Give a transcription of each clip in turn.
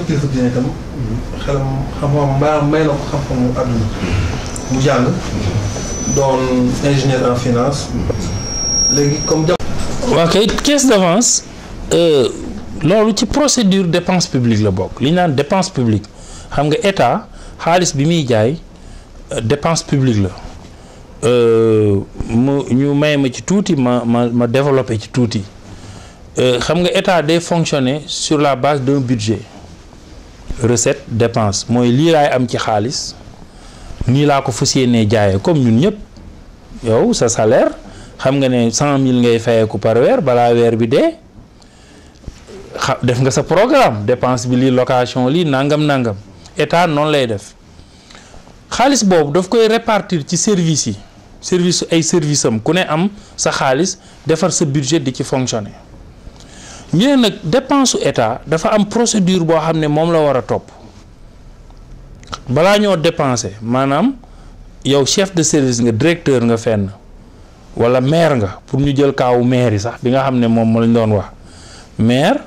sax kilifa diine itam xelam xam-xam mbaa may na ko xam-xamu àdduna mu jàng doon ingénieur en finance léegi comme jàpp waa kay caisse d'avance euh, loolu ci procédure dépense publique la bokk li ñu dépenses publiques. publique xam nga état xaalis bi muy jaay euh, dépense publique la euh, mu ñu may ma ci tuuti ma ma ma développé ci tuuti xam nga état day fonctionner sur la base d'un budget recette dépense moy li lay am ci ni la ko comme ñun ñep yow sa salaire xam nga né 100000 ngay fayeeku par wèr bala wèr bi dé def nga sa programme dépense bi location li, nangam nangam état non lay def koy répartir ci service yi service ay service am ku am sa budget qui fonctionne. ñu ne nag dépense su état dafa am procédure boo xam ne moom la war a topp balaa ñoo dépenser maanaam yow chef de service nga directeur nga fenn walla maire nga pour ñu jël kaawu maire yi sax bi nga xam ne moom moo lañ doon wax maire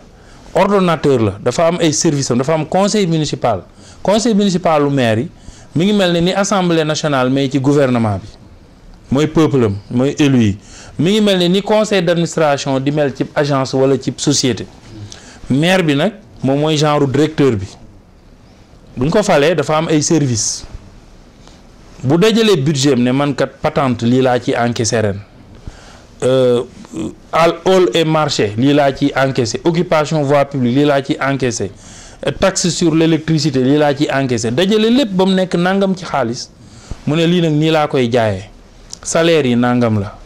ordonnateur la dafa am ay service am dafa am conseil municipal conseil municipal lu maire yi mi ngi mel ne ni assemblée nationale mais ci gouvernement bi mooy peuple mooy élu yi mi ngi mel ne ni conseil d'administration di mel ci agence wala cib société maire bi nag moom mooy genre directeur bi bu ñu ko falee dafa am ay service bu dajalee budget ne man kat patente lii laa ci encaissé ren euh, all et marché lii laa ci encaissé occupation voie publique lii laa ci encaissé taxe sur l'électricité lii laa ci encaissé dajalee lépp ba mu nekk nangam ci xaalis mu ne lii nag nii laa koy jaayee salaire yi nangam la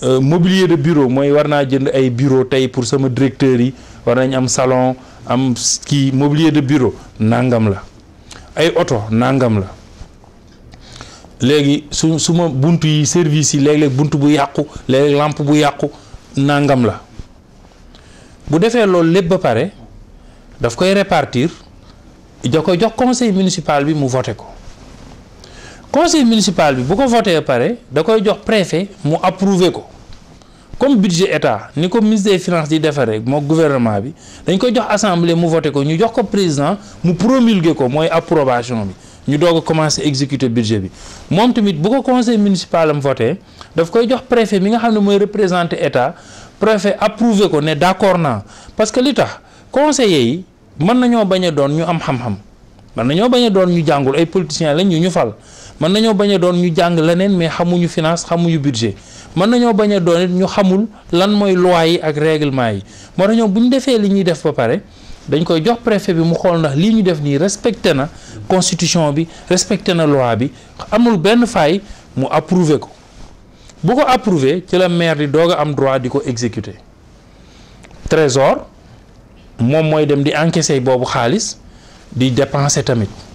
Euh, mobilier de bureau mooy war naa jënd ay bureau tey pour sama directeur yi war nañ am salon am kii mobilier de bureau nangam la ay oto nangam la léegi su su ma bunt yi service yi léeg-léeg bunt bu yàqu léeg-léeg bu yàqu nangam la bu defee loolu lépp ba pare daf koy répartir da ko jox conseil municipal bi mu voté ko conseil municipal bi bu ko pareil, ba pare da koy préfet mu approuvé ko comme budget état ni ko ministre des finances di defee rek gouvernement bi dañ koy jox assemblée mu vote. ko ñu jox ko président mu promulgué ko devons approbation bi ñu le exécuter budget bi moom tamit bu ko conseil municipal am voté daf koy jox préfet mi nga xam ne représenter représenté état préfet approuver ko nous d'accord accord parce que li tax conseillers yi mën nañoo bañ a doon ñu am xam-xam mën nañoo bañ a doon ñu jàngul ay politiciens lañ ñu ñu fal. mën nañoo bañ a doon ñu jàng leneen mais xamuñu finance xamuñu budget mën nañoo bañ a doon it ñu xamul lan mooy loi yi ak réglement yi moo nañoo bu ñu defee li ñuy def ba pare dañ koy jox préfet bi mu xool ndax lii ñu def nii respecté na constitution bi respecté na loi bi amul benn faay mu approuvé ko bu ko approuvé ci la maire di doog a am droit di ko exécuter trésor moom mooy dem di encaisser boobu xaalis di dépenser tamit